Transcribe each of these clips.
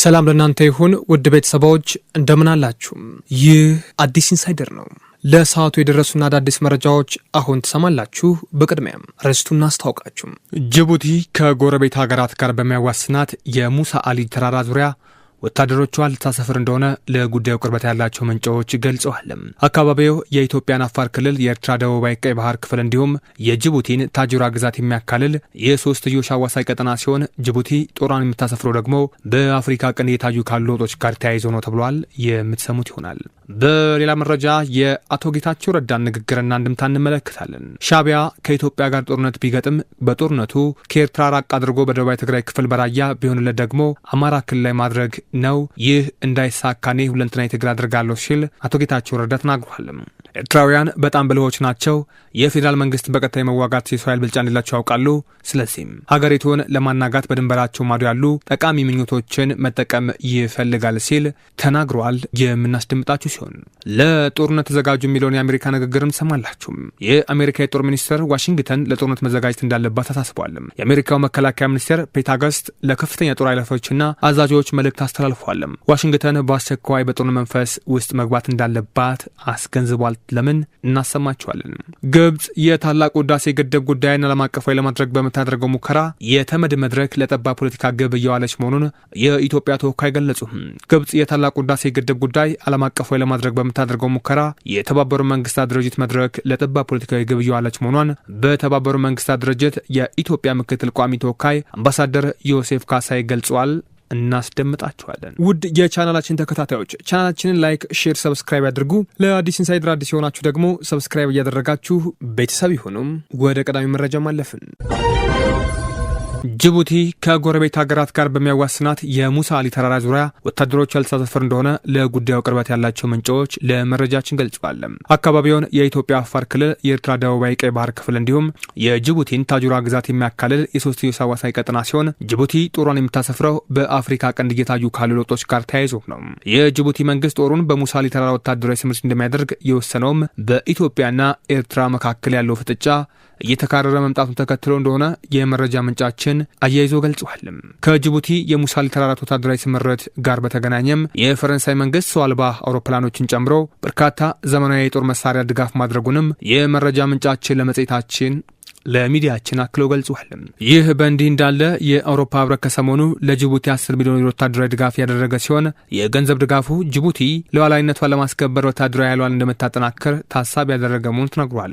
ሰላም ለእናንተ ይሁን ውድ ቤተሰቦች እንደምን ይህ አዲስ ኢንሳይደር ነው። ለሰዓቱ የደረሱና አዳዲስ መረጃዎች አሁን ትሰማላችሁ። በቅድሚያም ርዕስቱን አስታውቃችሁ ጅቡቲ ከጎረቤት ሀገራት ጋር በሚያዋስናት የሙሳ አሊ ተራራ ዙሪያ ወታደሮቿ ልታሰፍር እንደሆነ ለጉዳዩ ቅርበት ያላቸው ምንጮች ገልጸዋል። አካባቢው የኢትዮጵያን አፋር ክልል፣ የኤርትራ ደቡባዊ ቀይ ባህር ክፍል እንዲሁም የጅቡቲን ታጅራ ግዛት የሚያካልል የሶስትዮሽ አዋሳኝ ቀጠና ሲሆን ጅቡቲ ጦሯን የምታሰፍረው ደግሞ በአፍሪካ ቀንድ የታዩ ካሉ ወጦች ጋር ተያይዞ ነው ተብሏል። የምትሰሙት ይሆናል። በሌላ መረጃ የአቶ ጌታቸው ረዳን ንግግርና እንድምታ እንመለከታለን። ሻቢያ ከኢትዮጵያ ጋር ጦርነት ቢገጥም በጦርነቱ ከኤርትራ ራቅ አድርጎ በደቡባዊ ትግራይ ክፍል በራያ ቢሆንለት ደግሞ አማራ ክልል ላይ ማድረግ ነው። ይህ እንዳይሳካኔ ሁለንትና የትግል አድርጋለሁ ሲል አቶ ጌታቸው ረዳ ተናግሯል። ኤርትራውያን በጣም ብልሆች ናቸው። የፌዴራል መንግስት በቀጥታ የመዋጋት የእስራኤል ብልጫ እንደሌላቸው ያውቃሉ። ስለዚህም ሀገሪቱን ለማናጋት በድንበራቸው ማዶ ያሉ ጠቃሚ ምኞቶችን መጠቀም ይፈልጋል ሲል ተናግሯል። የምናስደምጣችሁ ሲሆን ለጦርነት ተዘጋጁ የሚለውን የአሜሪካ ንግግርም ሰማላችሁ የአሜሪካ የጦር ሚኒስትር ዋሽንግተን ለጦርነት መዘጋጀት እንዳለባት አሳስቧል። የአሜሪካው መከላከያ ሚኒስቴር ፔት ለከፍተኛ ጦር ና አዛዦች መልእክት አስተላልፏልም። ዋሽንግተን በአስቸኳይ በጦር መንፈስ ውስጥ መግባት እንዳለባት አስገንዝቧል። ለምን እናሰማቸዋለን። ግብጽ የታላቁ ህዳሴ ግድብ ጉዳይን ዓለም አቀፋዊ ለማድረግ በምታደርገው ሙከራ የተመድ መድረክ ለጠባብ ፖለቲካ ግብ እየዋለች መሆኑን የኢትዮጵያ ተወካይ ገለጹ። ግብጽ የታላቁ ህዳሴ ግድብ ጉዳይ ዓለም አቀፋዊ ለማድረግ በምታደርገው ሙከራ የተባበሩ መንግስታት ድርጅት መድረክ ለጠባብ ፖለቲካዊ ግብ እየዋለች መሆኗን በተባበሩ መንግስታት ድርጅት የኢትዮጵያ ምክትል ቋሚ ተወካይ አምባሳደር ዮሴፍ ካሳይ ገልጿል። እናስደምጣችኋለን። ውድ የቻናላችን ተከታታዮች ቻናላችንን ላይክ፣ ሼር፣ ሰብስክራይብ ያድርጉ። ለአዲስ ኢንሳይድር አዲስ የሆናችሁ ደግሞ ሰብስክራይብ እያደረጋችሁ ቤተሰብ ይሁኑም። ወደ ቀዳሚ መረጃ ማለፍን ጅቡቲ ከጎረቤት ሀገራት ጋር በሚያዋስናት የሙሳ አሊ ተራራ ዙሪያ ወታደሮች ያልተሳተፈር እንደሆነ ለጉዳዩ ቅርበት ያላቸው ምንጮች ለመረጃችን ገልጸዋል። አካባቢውን የኢትዮጵያ አፋር ክልል፣ የኤርትራ ደቡባዊ ቀይ ባህር ክፍል እንዲሁም የጅቡቲን ታጁራ ግዛት የሚያካልል የሶስትዮሽ አዋሳኝ ቀጠና ሲሆን ጅቡቲ ጦሯን የምታሰፍረው በአፍሪካ ቀንድ እየታዩ ካሉ ለውጦች ጋር ተያይዞ ነው። የጅቡቲ መንግስት ጦሩን በሙሳ አሊ ተራራ ወታደራዊ ስምሪት እንደሚያደርግ የወሰነውም በኢትዮጵያና ኤርትራ መካከል ያለው ፍጥጫ እየተካረረ መምጣቱን ተከትሎ እንደሆነ የመረጃ ምንጫችን አያይዞ ገልጿል። ከጅቡቲ የሙሳሌ ተራራት ወታደራዊ ስምረት ጋር በተገናኘም የፈረንሳይ መንግስት ሰው አልባ አውሮፕላኖችን ጨምሮ በርካታ ዘመናዊ የጦር መሳሪያ ድጋፍ ማድረጉንም የመረጃ ምንጫችን ለመጽሔታችን ለሚዲያችን አክሎ ገልጿል። ይህ በእንዲህ እንዳለ የአውሮፓ ህብረት ከሰሞኑ ለጅቡቲ 10 ሚሊዮን ወታደራዊ ድጋፍ ያደረገ ሲሆን የገንዘብ ድጋፉ ጅቡቲ ሉዓላዊነቷን ለማስከበር ወታደራዊ ኃይሏን እንደምታጠናክር ታሳቢ ያደረገ መሆኑ ተነግሯል።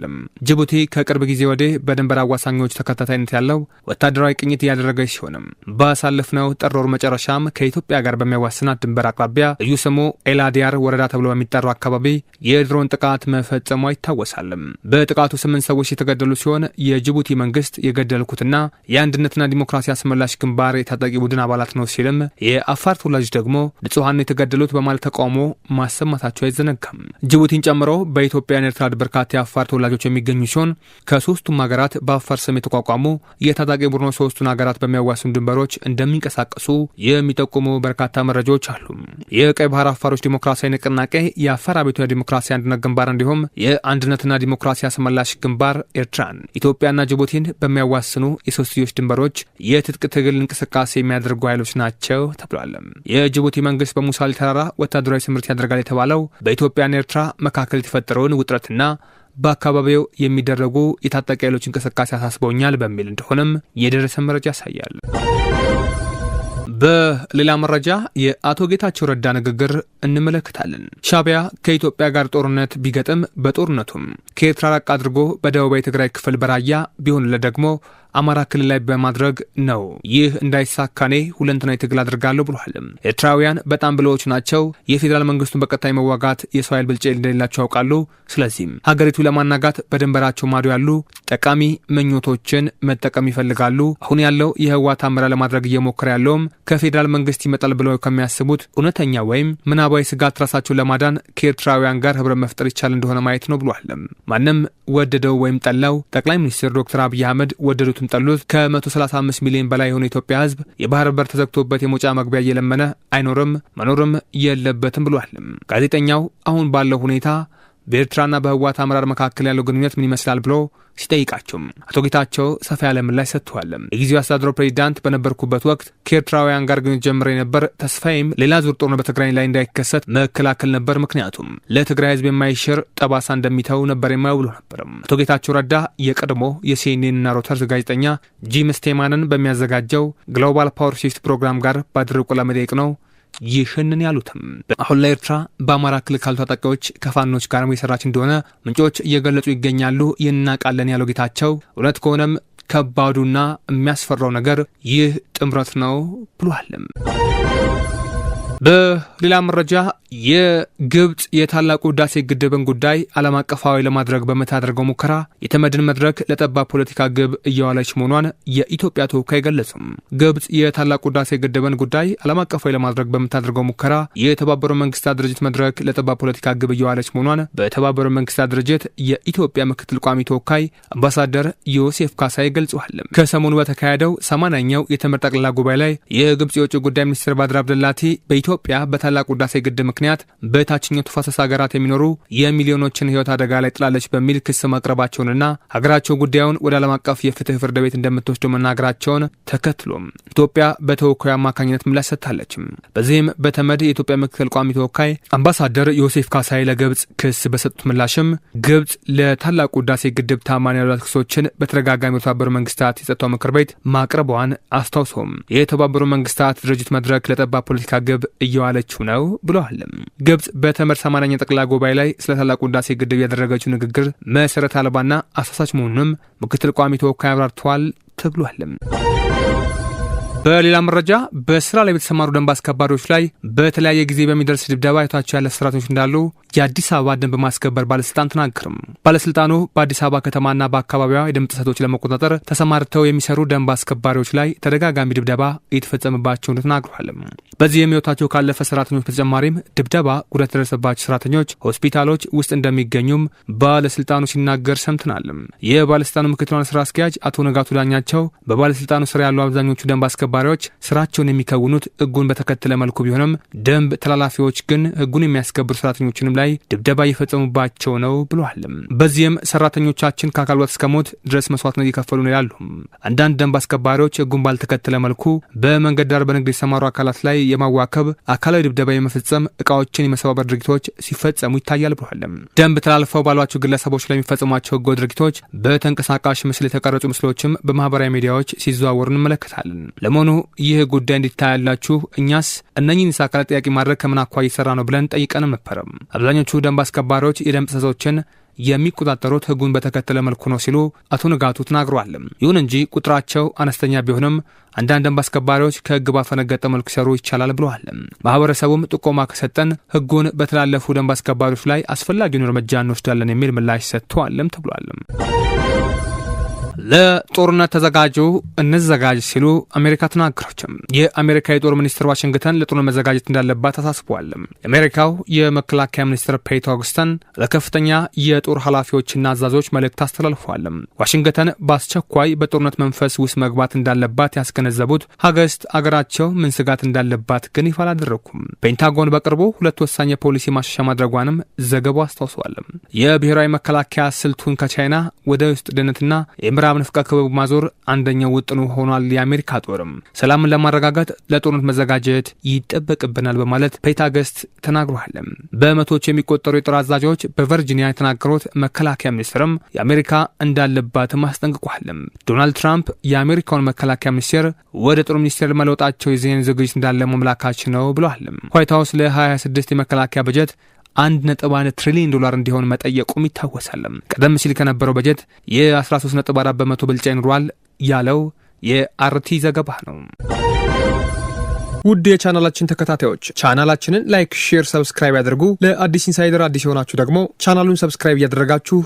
ጅቡቲ ከቅርብ ጊዜ ወዲህ በድንበር አዋሳኞች ተከታታይነት ያለው ወታደራዊ ቅኝት እያደረገች ሲሆንም ባሳለፍነው ጥር ወር መጨረሻም ከኢትዮጵያ ጋር በሚያዋስናት ድንበር አቅራቢያ ልዩ ስሙ ኤላዲያር ወረዳ ተብሎ በሚጠራው አካባቢ የድሮን ጥቃት መፈጸሟ ይታወሳል። በጥቃቱ ስምንት ሰዎች የተገደሉ ሲሆን የጅቡቲ መንግስት የገደልኩትና የአንድነትና ዲሞክራሲ አስመላሽ ግንባር የታጣቂ ቡድን አባላት ነው ሲልም የአፋር ተወላጆች ደግሞ ንጹሐን የተገደሉት በማለት ተቃውሞ ማሰማታቸው አይዘነጋም። ጅቡቲን ጨምሮ በኢትዮጵያን ኤርትራ በርካታ የአፋር ተወላጆች የሚገኙ ሲሆን ከሶስቱም ሀገራት በአፋር ስም የተቋቋሙ የታጣቂ ቡድኖ ሶስቱን ሀገራት በሚያዋስኑ ድንበሮች እንደሚንቀሳቀሱ የሚጠቁሙ በርካታ መረጃዎች አሉ። የቀይ ባህር አፋሮች ዲሞክራሲያዊ ንቅናቄ፣ የአፋር አቤቱ ዲሞክራሲ አንድነት ግንባር እንዲሁም የአንድነትና ዲሞክራሲ አስመላሽ ግንባር ኤርትራን ኢትዮጵያ ኢትዮጵያና ጅቡቲን በሚያዋስኑ የሶስትዮሽ ድንበሮች የትጥቅ ትግል እንቅስቃሴ የሚያደርጉ ኃይሎች ናቸው ተብሏል። የጅቡቲ መንግስት በሙሳሌ ተራራ ወታደራዊ ስምሪት ያደርጋል የተባለው በኢትዮጵያና ኤርትራ መካከል የተፈጠረውን ውጥረትና በአካባቢው የሚደረጉ የታጠቂ ኃይሎች እንቅስቃሴ አሳስበውኛል በሚል እንደሆነም የደረሰ መረጃ ያሳያል። በሌላ መረጃ የአቶ ጌታቸው ረዳ ንግግር እንመለከታለን። ሻቢያ ከኢትዮጵያ ጋር ጦርነት ቢገጥም በጦርነቱም ከኤርትራ ራቅ አድርጎ በደቡባዊ ትግራይ ክፍል በራያ ቢሆንለት ደግሞ አማራ ክልል ላይ በማድረግ ነው። ይህ እንዳይሳካኔ ሁለንተናዊ ትግል አድርጋለሁ ብሏል። ኤርትራውያን በጣም ብለዎች ናቸው። የፌዴራል መንግስቱን በቀጣይ መዋጋት የሰው ኃይል ብልጭ እንደሌላቸው ያውቃሉ። ስለዚህም ሀገሪቱ ለማናጋት በድንበራቸው ማዶ ያሉ ጠቃሚ ምኞቶችን መጠቀም ይፈልጋሉ። አሁን ያለው የህወሓት አመራር ለማድረግ እየሞከረ ያለውም ከፌዴራል መንግስት ይመጣል ብለው ከሚያስቡት እውነተኛ ወይም ምናባዊ ስጋት ራሳቸውን ለማዳን ከኤርትራውያን ጋር ህብረ መፍጠር ይቻል እንደሆነ ማየት ነው ብሏል። ማንም ወደደው ወይም ጠላው ጠቅላይ ሚኒስትር ዶክተር አብይ አህመድ ወደዱትም ጠሉት ከ135 ሚሊዮን በላይ የሆነ ኢትዮጵያ ህዝብ የባህር በር ተዘግቶበት የመውጫ መግቢያ እየለመነ አይኖርም መኖርም የለበትም ብሏል። ጋዜጠኛው አሁን ባለው ሁኔታ በኤርትራና በህወሓት አመራር መካከል ያለው ግንኙነት ምን ይመስላል ብሎ ሲጠይቃቸውም አቶ ጌታቸው ሰፋ ያለ ምላሽ ሰጥተዋል። የጊዜው አስተዳድሮ ፕሬዚዳንት በነበርኩበት ወቅት ከኤርትራውያን ጋር ግንኙነት ጀምሬ ነበር። ተስፋዬም ሌላ ዙር ጦርነት በትግራይ ላይ እንዳይከሰት መከላከል ነበር። ምክንያቱም ለትግራይ ህዝብ የማይሽር ጠባሳ እንደሚተው ነበር የማየው ብሎ ነበርም። አቶ ጌታቸው ረዳ የቀድሞ የሲኤንኤንና ሮተርስ ጋዜጠኛ ጂም ስቴማንን በሚያዘጋጀው ግሎባል ፓወር ሽፍት ፕሮግራም ጋር ባደረጉ ቃለ መጠይቅ ነው ይህንን ያሉትም አሁን ላይ ኤርትራ በአማራ ክልል ካሉ ታጣቂዎች ከፋኖች ጋር የሰራች እንደሆነ ምንጮች እየገለጹ ይገኛሉ። ይናቃለን ያለው ጌታቸው እውነት ከሆነም ከባዱና የሚያስፈራው ነገር ይህ ጥምረት ነው ብሏልም። በሌላ መረጃ የግብፅ የታላቁ ህዳሴ ግድብን ጉዳይ ዓለም አቀፋዊ ለማድረግ በምታደርገው ሙከራ የተመድን መድረክ ለጠባብ ፖለቲካ ግብ እየዋለች መሆኗን የኢትዮጵያ ተወካይ ገለጹም። ግብፅ የታላቁ ህዳሴ ግድብን ጉዳይ ዓለም አቀፋዊ ለማድረግ በምታደርገው ሙከራ የተባበሩ መንግስታት ድርጅት መድረክ ለጠባብ ፖለቲካ ግብ እየዋለች መሆኗን በተባበሩ መንግስታት ድርጅት የኢትዮጵያ ምክትል ቋሚ ተወካይ አምባሳደር ዮሴፍ ካሳይ ገልጸዋል። ከሰሞኑ በተካሄደው ሰማንያኛው የተመድ ጠቅላላ ጉባኤ ላይ የግብፅ የውጭ ጉዳይ ሚኒስትር ባድር አብደላቲ ኢትዮጵያ በታላቁ ህዳሴ ግድብ ምክንያት በታችኛው ተፋሰስ ሀገራት የሚኖሩ የሚሊዮኖችን ህይወት አደጋ ላይ ጥላለች በሚል ክስ ማቅረባቸውንና ሀገራቸው ጉዳዩን ወደ ዓለም አቀፍ የፍትህ ፍርድ ቤት እንደምትወስደው መናገራቸውን ተከትሎም ኢትዮጵያ በተወካዩ አማካኝነት ምላሽ ሰጥታለች። በዚህም በተመድ የኢትዮጵያ ምክትል ቋሚ ተወካይ አምባሳደር ዮሴፍ ካሳይ ለግብፅ ክስ በሰጡት ምላሽም ግብፅ ለታላቁ ህዳሴ ግድብ ታማኒ ያሏት ክሶችን በተደጋጋሚ የተባበሩ መንግስታት የጸጥታው ምክር ቤት ማቅረቧን አስታውሰውም የተባበሩ መንግስታት ድርጅት መድረክ ለጠባብ ፖለቲካ ግብ እየዋለችው ነው ብለዋል። ግብጽ በተመድ 80ኛ ጠቅላላ ጉባኤ ላይ ስለ ታላቁ ህዳሴ ግድብ ያደረገችው ንግግር መሰረት አልባና አሳሳች መሆኑንም ምክትል ቋሚ ተወካይ አብራርተዋል ተብሏል። በሌላ መረጃ በስራ ላይ በተሰማሩ ደንብ አስከባሪዎች ላይ በተለያየ ጊዜ በሚደርስ ድብደባ የታቸው ያለ ሰራተኞች እንዳሉ የአዲስ አበባ ደንብ ማስከበር ባለስልጣን ተናገርም። ባለስልጣኑ በአዲስ አበባ ከተማና በአካባቢዋ የደንብ ጥሰቶች ለመቆጣጠር ተሰማርተው የሚሰሩ ደንብ አስከባሪዎች ላይ ተደጋጋሚ ድብደባ እየተፈጸመባቸው እንደ ተናግሯል። በዚህም ካለፈ ሰራተኞች በተጨማሪም ድብደባ ጉዳት የደረሰባቸው ሰራተኞች ሆስፒታሎች ውስጥ እንደሚገኙም ባለስልጣኑ ሲናገር ሰምተናል። የባለስልጣኑ ምክትል ስራ አስኪያጅ አቶ ነጋቱ ዳኛቸው በባለስልጣኑ ስራ ያሉ አብዛኞቹ ደንብ አስከባሪ አስከባሪዎች ስራቸውን የሚከውኑት ህጉን በተከተለ መልኩ ቢሆንም ደንብ ተላላፊዎች ግን ህጉን የሚያስከብሩ ሰራተኞችንም ላይ ድብደባ እየፈጸሙባቸው ነው ብለዋል። በዚህም ሰራተኞቻችን ከአካል ጉዳት እስከ ሞት ድረስ መስዋዕትነት እየከፈሉ ነው ይላሉ። አንዳንድ ደንብ አስከባሪዎች ህጉን ባልተከተለ መልኩ በመንገድ ዳር በንግድ የተሰማሩ አካላት ላይ የማዋከብ፣ አካላዊ ድብደባ የመፈጸም፣ እቃዎችን የመሰባበር ድርጊቶች ሲፈጸሙ ይታያል ብሏል። ደንብ ተላልፈው ባሏቸው ግለሰቦች ላይ የሚፈጽሟቸው ህገወጥ ድርጊቶች በተንቀሳቃሽ ምስል የተቀረጹ ምስሎችም በማህበራዊ ሚዲያዎች ሲዘዋወሩ እንመለከታለን። ለመሆኑ በመሆኑ ይህ ጉዳይ እንዲታያላችሁ እኛስ እነኝን አካላት ጥያቄ ማድረግ ከምን አኳያ እየሰራ ነው ብለን ጠይቀንም ነበረም። አብዛኞቹ ደንብ አስከባሪዎች የደንብ ጥሰቶችን የሚቆጣጠሩት ህጉን በተከተለ መልኩ ነው ሲሉ አቶ ንጋቱ ተናግረዋል። ይሁን እንጂ ቁጥራቸው አነስተኛ ቢሆንም አንዳንድ ደንብ አስከባሪዎች ከህግ ባፈነገጠ መልኩ ሲሰሩ ይቻላል ብለዋል። ማህበረሰቡም ጥቆማ ከሰጠን ህጉን በተላለፉ ደንብ አስከባሪዎች ላይ አስፈላጊውን እርምጃ እንወስዳለን የሚል ምላሽ ሰጥተዋልም ተብሏልም። ለጦርነት ተዘጋጁ እንዘጋጅ ሲሉ አሜሪካ ተናገረችም። የአሜሪካ የጦር ሚኒስትር ዋሽንግተን ለጦርነት መዘጋጀት እንዳለባት አሳስበዋል። የአሜሪካው የመከላከያ ሚኒስትር ፔት ኦግስተን ለከፍተኛ የጦር ኃላፊዎችና አዛዦች መልእክት አስተላልፏል። ዋሽንግተን በአስቸኳይ በጦርነት መንፈስ ውስጥ መግባት እንዳለባት ያስገነዘቡት ሀገስት አገራቸው ምን ስጋት እንዳለባት ግን ይፋ አላደረኩም። ፔንታጎን በቅርቡ ሁለት ወሳኝ የፖሊሲ ማሻሻያ ማድረጓንም ዘገባው አስታውሰዋል። የብሔራዊ መከላከያ ስልቱን ከቻይና ወደ ውስጥ ደህንነትና ምዕራብ ንፍቀ ክበቡ ማዞር አንደኛው ውጥኑ ሆኗል። የአሜሪካ ጦርም ሰላምን ለማረጋጋት ለጦርነት መዘጋጀት ይጠበቅብናል በማለት ፔታገስት ተናግሯል። በመቶዎች የሚቆጠሩ የጦር አዛዦች በቨርጂኒያ የተናገሩት መከላከያ ሚኒስትርም የአሜሪካ እንዳለባትም አስጠንቅቋል። ዶናልድ ትራምፕ የአሜሪካውን መከላከያ ሚኒስቴር ወደ ጦር ሚኒስቴር መለወጣቸው የዚህን ዝግጅት እንዳለ መምላካች ነው ብለዋል። ዋይት ሀውስ ለ26 የመከላከያ በጀት አንድ ትሪሊዮን ዶላር እንዲሆን መጠየቁም ይታወሳል። ቀደም ሲል ከነበረው በጀት የ 4 በመቶ ብልጫ ይኖረዋል ያለው የአርቲ ዘገባ ነው። ውድ የቻናላችን ተከታታዮች ቻናላችንን ላይክ፣ ሼር፣ ሰብስክራይብ ያድርጉ። ለአዲስ ኢንሳይደር አዲስ የሆናችሁ ደግሞ ቻናሉን ሰብስክራይብ እያደረጋችሁ